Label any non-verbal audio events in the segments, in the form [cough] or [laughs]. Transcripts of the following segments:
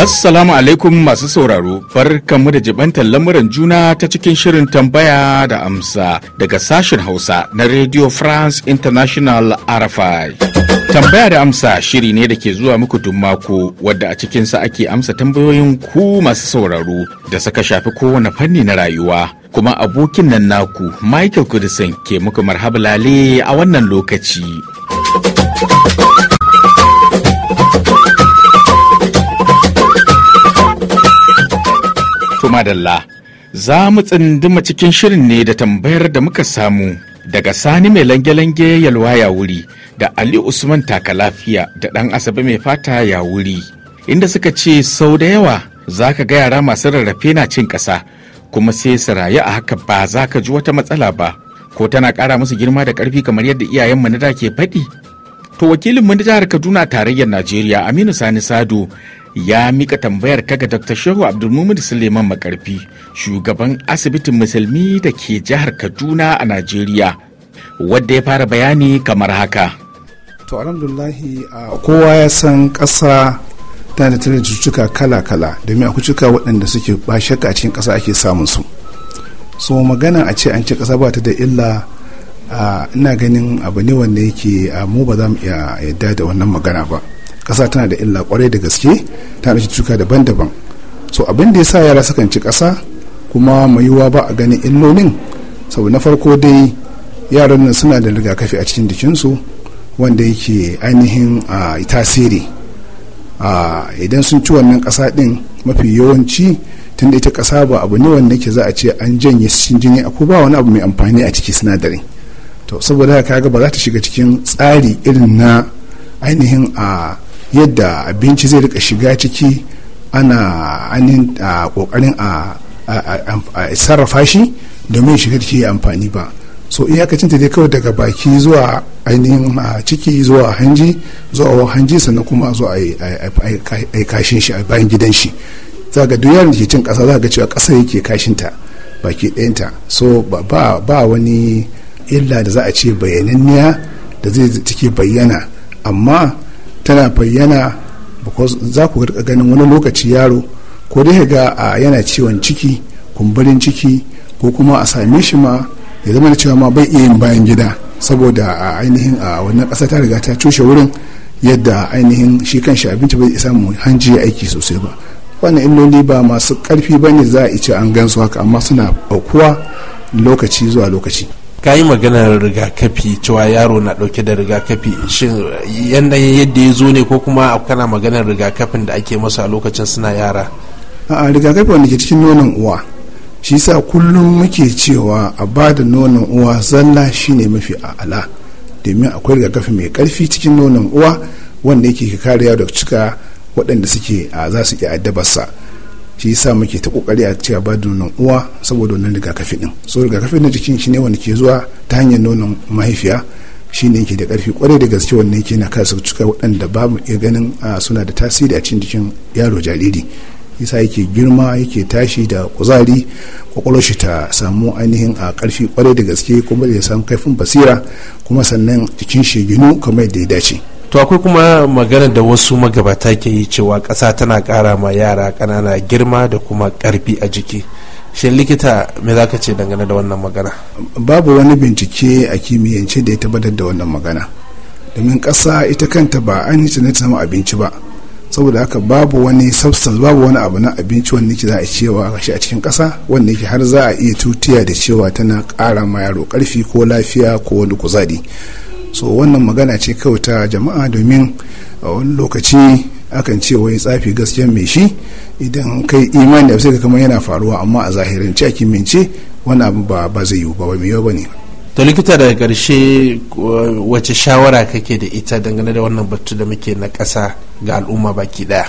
Assalamu alaikum masu sauraro, mu da jibantar lamuran juna ta cikin shirin tambaya da amsa daga sashen Hausa na Radio France International RFI. Tambaya da amsa shiri ne da ke zuwa muku duk mako wadda a cikinsa ake amsa tambayoyin ku masu sauraro da suka shafi kowane fanni na rayuwa. Kuma abokin nan naku Michael Kudisin ke muku marhaba lale a wannan lokaci. madalla za mu tsinduma cikin shirin ne da tambayar da muka samu daga sani mai lange-lange yalwa ya wuri da ali usman taka lafiya da ɗan asabe mai fata ya wuri inda suka ce sau da yawa za ka ga yara masu rarrafe na cin ƙasa kuma sai su rayu a haka ba za ka ji wata matsala ba ko tana ƙara musu girma da ƙarfi kamar yadda iyayenmu na da ke faɗi to wakilin mu na jihar kaduna tarayyar najeriya aminu sani sado ya mika tambayar ta ga dr shehu abdulmumin suleiman makarfi shugaban asibitin musulmi da ke jihar kaduna a najeriya wadda ya fara bayani kamar haka to alhamdulillahi kowa ya san ƙasa tana da tare cututtuka kala-kala domin akwai cututtuka waɗanda suke ba shakka a cikin ƙasa ake samun su so magana a ce an ce ƙasa ba ta da illa ina ganin abu ne wanda yake mu ba za mu iya yadda da wannan magana ba ƙasa tana da illa kwarai da gaske ta da cutuka daban-daban so abin da ya sa yara sukan ci ƙasa kuma mai yiwuwa ba a ganin illolin sau na farko dai yaran nan suna da rigakafi a cikin jikinsu wanda yake ainihin tasiri idan sun ci wannan ƙasa ɗin mafi yawanci tunda ita ƙasa ba abu ne wanda ke za a ce an janye cikin jini a ba wani abu mai amfani a ciki sinadarin to saboda haka kaga ba za ta shiga cikin tsari irin na ainihin a yadda abinci zai rika shiga ciki ana anin kokarin a sarrafa shi domin shiga ciki ya amfani ba so iyakacinta dai kawai daga baki zuwa ainihin ciki zuwa hanji zuwa wa hanji sannan kuma zuwa a kashin shi a bayan gidan shi za ga duk da ke cin ƙasa za ga cewa ƙasa yake kashinta baki ɗayanta so ba ba wani illa da za a ce bayananniya da zai take bayyana amma tana bayyana za ku ganin wani lokaci yaro ko dai ga yana ciwon ciki kumburin ciki ko kuma a same shi ma ya zama da cewa ma bai iya yin bayan gida saboda a ainihin a wannan ƙasa ta riga ta cushe wurin yadda ainihin shi kan shi abinci bai isa mu hanji aiki sosai ba wannan illoli ba masu ƙarfi ba ne za a ci an gan su haka amma suna aukuwa lokaci zuwa lokaci ka yi maganar rigakafi cewa yaro na dauke da rigakafi shin yanayin yadda ya zo ne ko kuma kana maganar rigakafin da ake masa lokacin suna yara a rigakafi wanda ke cikin nonon uwa shi sa kullum muke cewa a ba da nonon uwa zalla shine mafi a'ala domin akwai rigakafi mai karfi cikin nonon uwa wanda yake kariya da cika waɗanda suke a za su iya addabarsa shi yasa muke ta kokari a cewa ba nonon uwa saboda wannan rigakafi din so rigakafi na jikin shi ne wanda ke zuwa ta hanyar nonon mahaifiya shi ne yake da karfi kwarai da gaske wanda yake na kasa cika waɗanda ba mu iya ganin suna da tasiri a cikin jikin yaro jariri yasa yake girma yake tashi da kuzari kwakwalwar shi ta samu ainihin a karfi kwarai da gaske kuma ya samu kaifin basira kuma sannan jikin shi ginu kamar yadda ya dace to akwai kuma magana da wasu magabata ke yi cewa ƙasa tana ƙara ma yara ƙanana girma da kuma ƙarfi a jiki shin likita me za ka ce dangane da wannan magana babu wani bincike a kimiyyance da ya tabbatar da wannan magana domin ƙasa ita kanta ba an yi ne ta samu abinci ba saboda haka babu wani sabsan babu wani abu na abinci wanda yake za a cewa shi a cikin ƙasa wanda yake har za a iya tutiya da cewa tana ƙara ma yaro ƙarfi ko lafiya ko wani kuzari so wannan magana ce kawai ta jama'a domin a wani lokaci akan ce wai tsafi gaskiya mai shi idan kai imani sai ka kamar yana faruwa amma a zahirin ce a mince wani abu ba ba zai yiwu ba ba mai ba ne to likita daga karshe wace shawara kake da ita dangane da wannan batu da muke na ƙasa ga al'umma baki daya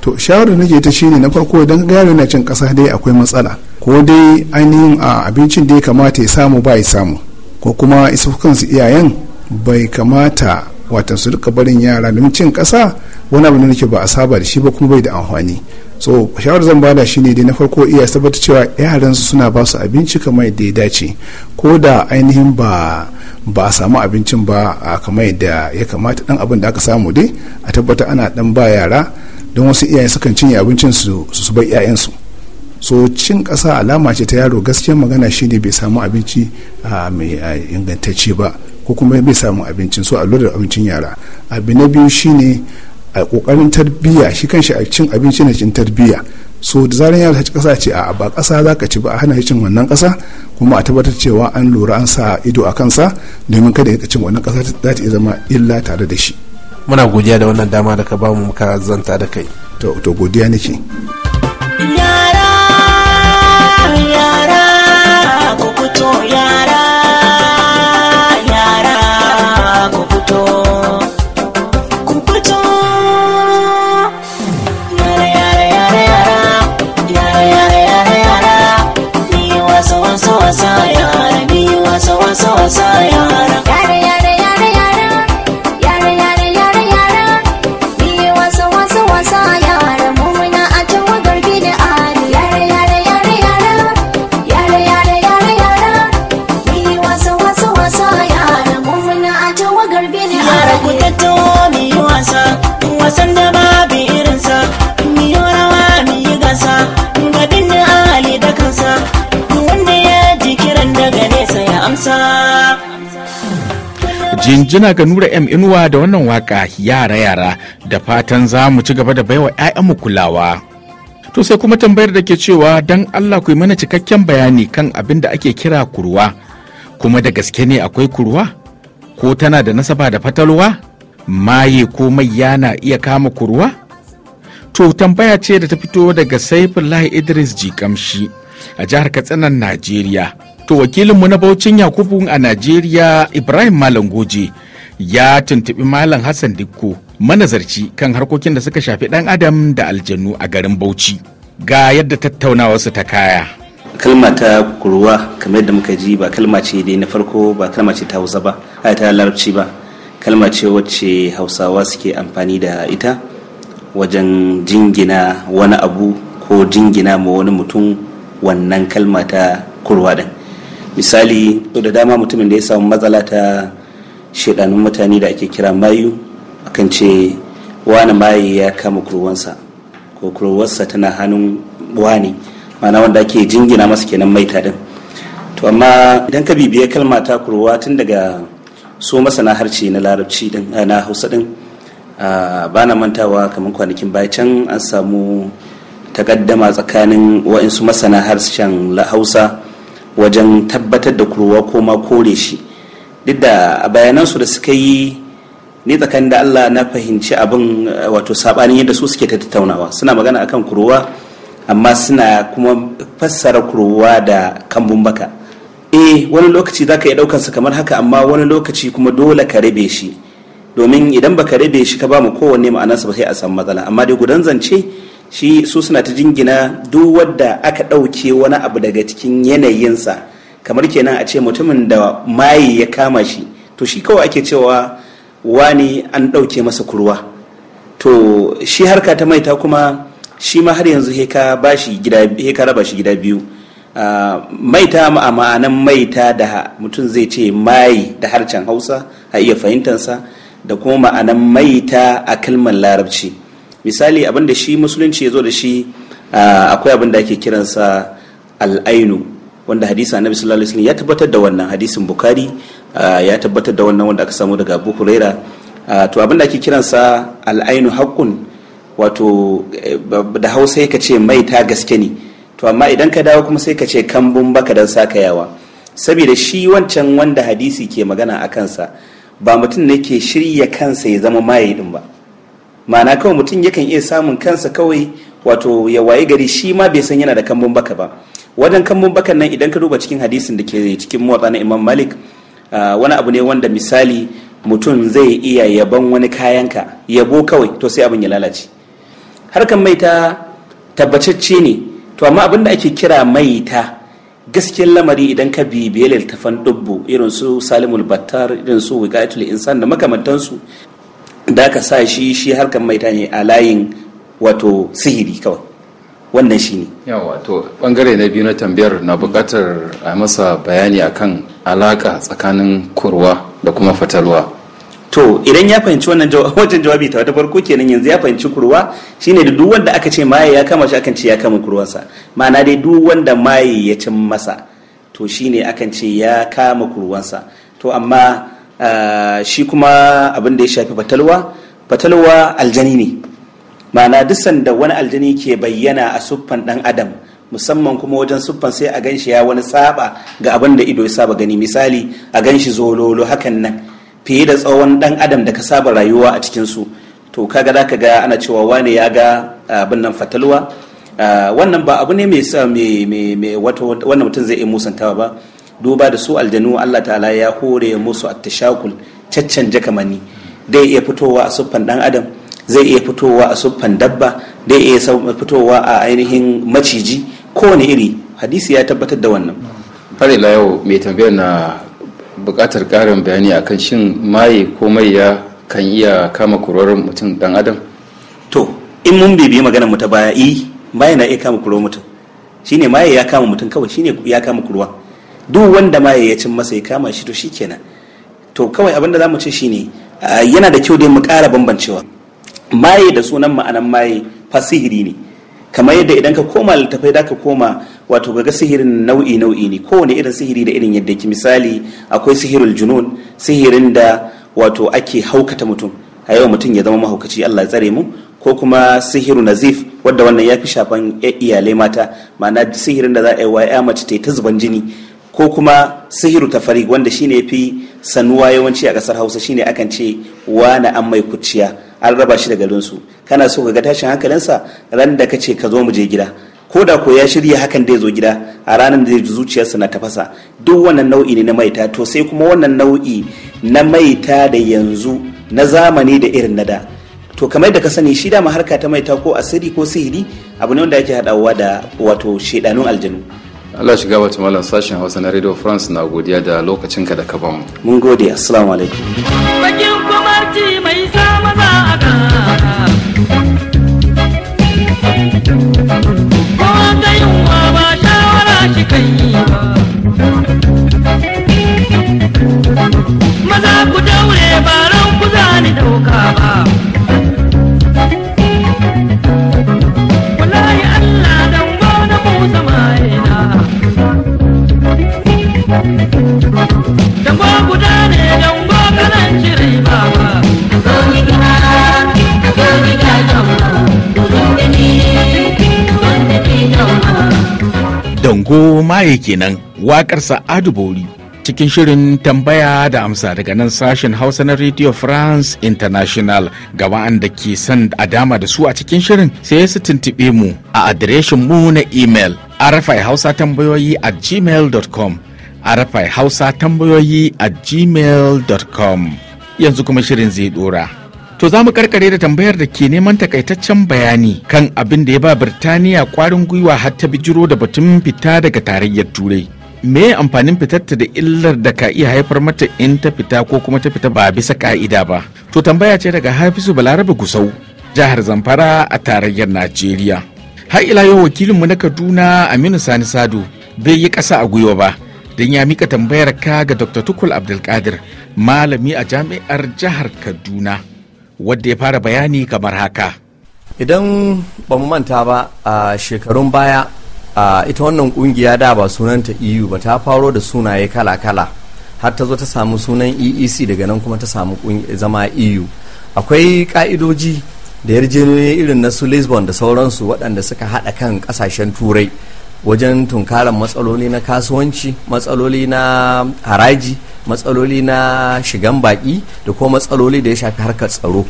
to shawarar nake ta shine na farko idan yaro na cin ƙasa dai akwai matsala ko dai ainihin a abincin da ya kamata ya samu ba ya samu ko kuma isa kansu iyayen bai kamata watan su duka barin yara domin cin kasa wani abu ne ke ba a saba da shi ba kuma bai da amfani so shawarar zan bada shine dai na farko iya tabbata cewa yaran su suna basu abinci kamar yadda ya dace ko da ainihin ba a samu abincin ba kamar yadda ya kamata dan abin da aka samu dai a tabbata ana dan ba yara don wasu iyaye sukan cinye abincin su su bar su so cin kasa alama ce ta yaro gaskiyar magana shine bai samu abinci mai ingantacce ba ko kuma bai samu abincin so a lura abincin yara abu na biyu shine a kokarin tarbiyya shi kan kanshi a cin abinci na cin tarbiyya so da zaran yara ta ci kasa ce a ba kasa za ka ci ba a hana cin wannan kasa kuma a tabbatar cewa an lura an sa ido a kansa domin kada ya cin wannan kasa za ta iya zama illa tare da shi muna godiya da wannan dama da ka bamu muka zanta da kai to godiya nake jinjina ga nura m inuwa da wannan waka yara yara da fatan za mu ci gaba da baiwa 'ya'yan mu kulawa to sai kuma tambayar da ke cewa don allah ku yi mana cikakken bayani kan abin da ake kira kurwa kuma da gaske ne akwai kurwa ko tana da nasaba da fatalwa maye ko mai na iya kama kurwa to tambaya ce da ta fito daga saifullahi idris jikamshi a jihar katsinan najeriya To wakilinmu na Baucin Yakubu a Najeriya Ibrahim Malam Goje ya tuntubi Malam Hassan Dikko manazarci kan harkokin da suka shafi ɗan adam da aljanu a garin Bauchi. Ga yadda tattaunawa su ta kaya. kalma ta kurwa kamar yadda muka ji ba kalma ce dai na farko ba kalma ce ta hausa ba ai ta larabci ba kalma ce wacce hausawa suke amfani da ita wajen jingina wani abu ko jingina ma wani mutum wannan kalma ta kurwa din misali to da dama mutumin da ya samu matsala ta shaidanun mutane da ake kira mayu akan ce wani maye ya kama kurwansa ko kurwarsa tana hannun wani mana wanda ake jingina masa kenan maita din to amma idan ka bibiya kalma ta kurwa tun daga so masana harshe na larabci din eh, na hausa din ba na mantawa kamar kwanakin baya can an samu takaddama tsakanin wa'insu masana harshen hausa wajen tabbatar da kurwa ko ma kore shi duk da bayanansu da suka yi ni tsakanin da Allah na fahimci abin eh, wato sabanin yadda su suke tattaunawa suna magana akan kurwa amma suna kuma fassara kurwa da kambun baka eh wani lokaci zaka iya daukansa kamar haka amma wani lokaci kuma dole ka rabe shi domin idan baka rabe shi ka ba mu kowanne ma'anarsa ba sai a samu matsala amma dai gudan zance shi su suna ta jingina duk wadda aka ɗauke wani abu daga cikin yanayinsa kamar kenan a ce mutumin da maye ya kama shi to shi kawai ake cewa wani an ɗauke masa kurwa to shi harka ta maita kuma shi ma har yanzu heka raba shi gida biyu maita a ma'anan maita da mutum zai ce mayi da harshen hausa a iya fahimtansa da kuma ma'anan maita a kalmar larabci misali abin da shi musulunci ya zo da shi ah, akwai abin da ake kiransa al'ainu wanda hadisa annabi sallallahu alaihi wasallam ya tabbatar da wannan hadisin bukari ah, ya tabbatar da wannan wanda aka samu daga abu huraira ah, to abin da ake kiransa al'ainu haƙƙun wato eh, da hausa ka ce mai ta gaske ne to amma idan ka dawo kuma sai ka ce kambun baka dan saka yawa saboda shi wancan wanda hadisi ke magana a kansa ba mutum ne ke shirya kansa ya zama maye din ba ma'ana kawai mutum yakan iya samun kansa kawai wato ya waye gari shi ma bai san yana da kambun baka ba wajen kambun bakan nan idan ka duba cikin hadisin da ke cikin motsa na imam malik wani abu ne wanda misali mutum zai iya yabon wani kayanka yabo kawai to sai abin ya lalace harkan maita tabbatacce ne to amma abin da ake kira mai ta gaskiyar lamari idan ka bibiye littafan dubbo irin su salimul battar irin su wiqayatul insan da makamantansu da ka sa shi shi harkar mai ne a layin wato sihiri kawai wannan shi ne yawa to bangare na biyu na tambayar na bukatar a masa bayani akan alaka tsakanin kurwa da kuma fatalwa to idan ya fahimci wannan wajen [laughs] jawabi ta wata farko kenan yanzu ya fahimci kurwa shine da duk wanda aka ce maye ya kama shi akan ce ya kama kurwansa ma'ana dai duk wanda maye ya cin masa to shine akan ce ya kama kurwansa to amma Eh, shi kuma abin da ya shafi fatalwa fatalwa aljani ne ma'ana duk sanda wani aljani ke bayyana a suffan dan adam musamman kuma wajen suffan sai a ganshi ya wani saba ga abin da ido ya saba gani misali a ganshi zololo hakan nan fiye da tsawon dan adam da ka saba rayuwa a cikin su to kaga za ka ga ana cewa wane ya ga eh, abin nan fatalwa eh, wannan ba abu ne mai sa mai wato wannan mutum zai iya musantawa ba duba da su aljanu Allah ta'ala ya hore musu tashakul caccan jakamani dai iya fitowa a siffan dan adam zai iya fitowa a siffan dabba dai iya fitowa a ainihin maciji kowane iri hadisi ya tabbatar da wannan har ila yau mai tambayar na buƙatar ƙarin bayani akan shin maye ko ya kan iya kama kurorin mutum dan adam to in mun bibi magana mu ta baya i eh, maye na iya kama kurorin mutum shine maye ya kama mutum kawai shine ya kama kurwa duk wanda ma ya cin masa ya kama shi to kenan to kawai abin da za mu ce ne yana da kyau dai mu kara bambancewa maye da sunan ma'anan maye fasihiri ne kamar yadda idan ka koma littafai da ka koma wato ga sihirin nau'i nau'i ne kowane irin sihiri da irin yadda ki misali akwai sihirul junun sihirin da wato ake haukata mutum a yau mutum ya zama mahaukaci Allah tsare mu ko kuma sihiru nazif wadda wannan ya fi shafan iyalai mata ma'ana sihirin da za a yi wa ya mace ta zuban jini ko kuma sihiru tafari wanda shine fi sanuwa yawanci a kasar hausa shine akan ce wani an mai kuciya an raba shi da su kana so ka ga tashin hankalinsa ran da ka ce ka zo mu je gida ko da ko ya shirya hakan da ya zo gida a ranar da zai zuciyarsa na tafasa duk wannan nau'i ne na maita to sai kuma wannan nau'i na maita da yanzu na zamani da irin na da to kamar da ka sani shi dama harka ta maita ko asiri ko sihiri abu ne wanda ake haɗawa da wato shaidanun aljanu Allah shiga wata malam sashen Hausa na Radio France na godiya da lokacin ka da ka bamu. Mun gode, Assalamu alaikum. Bakin mai sa maye kenan wakar sa'adu bori cikin shirin tambaya da amsa daga nan sashen hausa na radio france international ga waɗanda ke son a dama da su a cikin shirin sai su tuntuɓe mu a adireshin mu na email arafai hausa tambayoyi a gmail.com arafai hausa tambayoyi a gmail.com yanzu kuma shirin zai dora To za mu karkare da tambayar da ke neman takaitaccen bayani kan abin da ya ba Birtaniya kwarin gwiwa har ta bijiro da batun fita daga tarayyar Turai. Me amfanin fitarta da illar da ka iya haifar mata in ta fita ko kuma ta fita ba bisa ka'ida ba? To tambaya ce daga Hafizu Balarabe Gusau, jihar Zamfara a tarayyar Najeriya. Har ila yau wakilin mu na Kaduna Aminu Sani Sado bai yi ƙasa a gwiwa ba. don ya mika tambayar ka ga Dr. Tukul Abdulkadir, malami a jami'ar jihar Kaduna. wadda ya fara bayani kamar haka idan ba mu manta ba a shekarun baya a ita wannan kungiya da ba sunanta eu ba ta faro da sunaye kala-kala har ta zo ta samu sunan eec daga nan kuma ta samu zama eu akwai ka'idoji da yarjejeniyoyi irin na su lisbon da sauransu waɗanda suka haɗa kan ƙasashen turai wajen tunkarar matsaloli na kasuwanci matsaloli na haraji matsaloli na shigan baki da kuma matsaloli da ya shafi harkar tsaro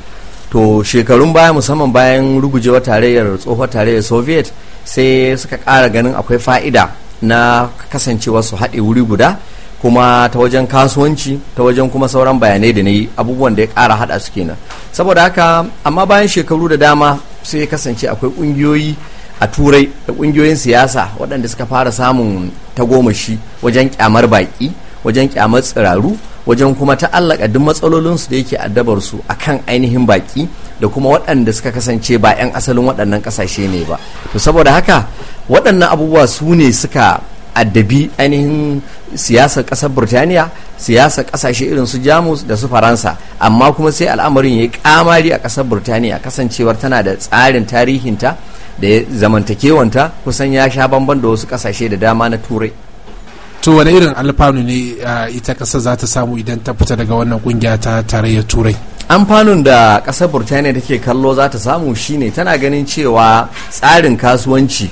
to shekarun baya musamman bayan rugujewa tarayyar tsohuwar tarayyar soviet sai suka kara ganin akwai fa'ida na kasancewa su haɗe wuri guda kuma ta wajen kasuwanci ta wajen kuma sauran bayanai da na yi abubuwan da ya kara haɗa su kenan saboda haka amma bayan shekaru da dama sai ya kasance akwai ƙungiyoyi a turai da ƙungiyoyin siyasa waɗanda suka fara samun tagomashi wajen kyamar baƙi wajen kyamar tsiraru wajen kuma ta'allaka duk matsalolinsu da yake addabar su akan ainihin baki da kuma waɗanda suka kasance ba 'yan asalin waɗannan ƙasashe ne ba to saboda haka waɗannan abubuwa su ne suka addabi ainihin siyasar ƙasar birtaniya siyasar ƙasashe irin su jamus da su faransa amma kuma sai al'amarin ya yi kamari a ƙasar birtaniya kasancewar tana da tsarin tarihinta da zamantakewanta kusan ya sha bamban da wasu ƙasashe da dama na turai to wani irin alfanu ne ita kasa za ta samu idan ta fita daga wannan kungiya ta tarayyar turai amfanin da ƙasar burtaniya take kallo za ta samu shine tana ganin cewa tsarin kasuwanci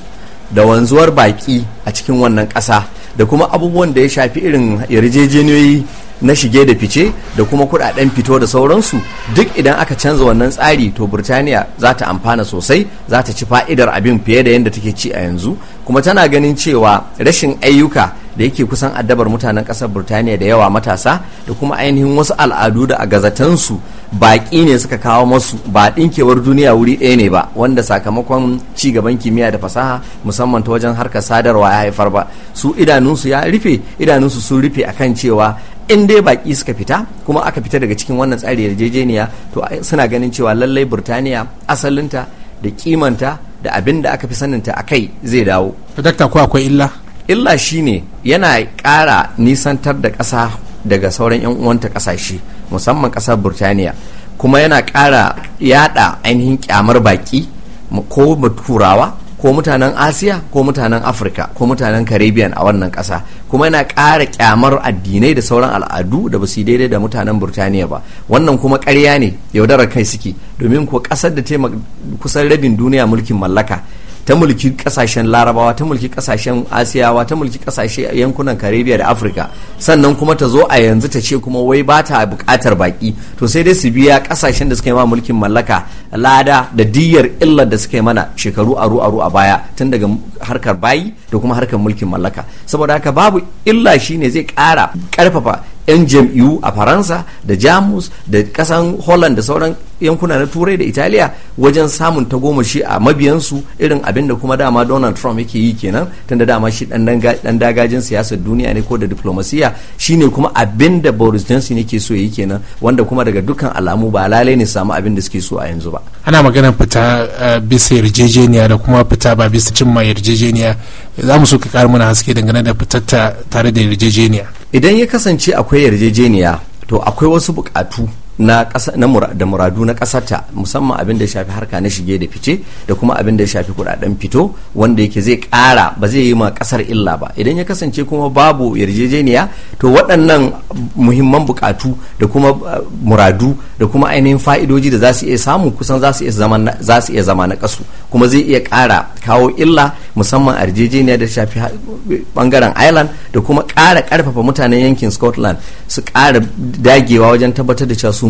da wanzuwar baƙi a cikin wannan ƙasa da kuma abubuwan da ya shafi irin yarjejeniyoyi na shige da fice da kuma kudaden fito da sauransu duk idan aka canza wannan tsari to burtaniya za ta amfana sosai za ta ci fa'idar abin fiye da yadda take ci a yanzu kuma tana ganin cewa rashin ayyuka da yake kusan addabar mutanen kasar burtaniya da yawa matasa da kuma ainihin wasu al'adu da a gazatansu baƙi ne suka kawo masu ba ɗinkewar duniya wuri ɗaya ne ba wanda sakamakon ci gaban kimiyya da fasaha musamman ta wajen harka sadarwa ya haifar ba su idanunsu ya rufe idanunsu sun rufe akan cewa in dai baƙi suka fita kuma aka fita daga cikin wannan tsari yarjejeniya to suna ganin cewa lallai burtaniya asalinta da kimanta da abin da aka fi saninta a kai zai dawo. Dakta ko akwai illa? illa shine yana ƙara nisantar da ƙasa daga sauran 'yan uwanta ƙasashe musamman ƙasar burtaniya kuma yana ƙara yada ainihin kyamar baki ko turawa ko mutanen asiya ko mutanen afirka ko mutanen caribbean a wannan ƙasa kuma yana ƙara kyamar addinai da sauran al'adu da basu daidai da mutanen burtaniya ba wannan kuma karya ne yaudarar kai suke domin ko ƙasar da ta kusan rabin duniya mulkin mallaka ta mulki kasashen larabawa ta mulki kasashen asiyawa ta mulki kasashen yankunan karibiya da afirka sannan kuma ta zo a yanzu ta ce kuma wai ba ta bukatar baki to sai dai su biya kasashen da suka yi ma mulkin mallaka lada da diyar illar da suka yi mana shekaru aru aru a baya tun daga harkar bayi da kuma harkar mulkin mallaka saboda haka babu illa shine zai kara karfafa 'yan jam'iyyu a faransa da jamus da kasan holland da sauran yankuna na turai da italiya wajen samun tagomashi a mabiyansu irin abin da kuma dama donald trump yake yi kenan tunda dama shi dan dagajin siyasar duniya ne ko da diplomasiya shine kuma abin da boris johnson yake so yi kenan wanda kuma daga dukkan alamu ba lalai ne samu abin da suke so a yanzu ba ana maganar fita eh, bisa yarjejeniya da kuma fita ba bisa cimma yarjejeniya za mu so ka kara mana haske dangane da fitar tare da yarjejeniya idan ya kasance akwai yarjejeniya to akwai wasu bukatu na da muradu na ta musamman abin da ya shafi harka na shige da fice da kuma abin da ya shafi kudaden fito wanda yake zai kara ba zai yi ma kasar illa ba idan ya kasance kuma babu yarjejeniya to waɗannan muhimman bukatu da kuma eh, muradu da kuma ainihin fa'idoji da za su iya samu kusan za su iya zama na kasu kuma zai iya kara kawo illa musamman a yarjejeniya da shafi bangaren ireland da kuma kara karfafa mutanen yankin scotland su kara dagewa wajen tabbatar da cewa su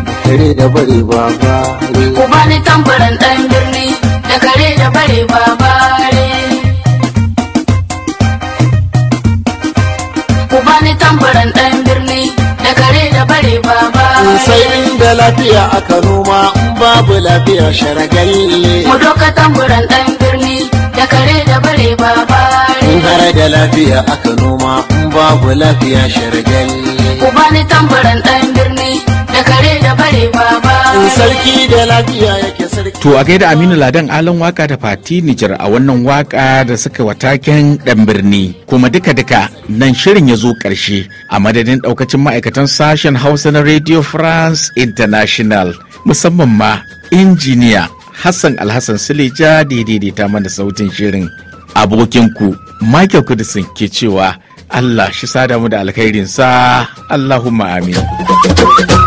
kare da bare baba ku ni tambaran dan birni da kare da bare baba ku ba ni tambaran dan birni da kare da bare baba sai da lafiya kano ma in babu lafiya sharagalle mu doka tambaran dan birni da kare da bare baba in har da lafiya kano ma in babu lafiya sharagalle ku ba ni tambaran dan birni to a gaida Aminu Ladan Alon waka da Fati Nijar a wannan waka da suka wataken ɗan birni kuma duka duka nan shirin ya zo ƙarshe a madadin ɗaukacin ma'aikatan sashen Hausa na Radio France International musamman ma injiniya Hassan Alhassan Silija daidaita mana sautin shirin abokinku Michael Kudisin ke cewa Allah shi sada mu da alkhairinsa Allahumma amin.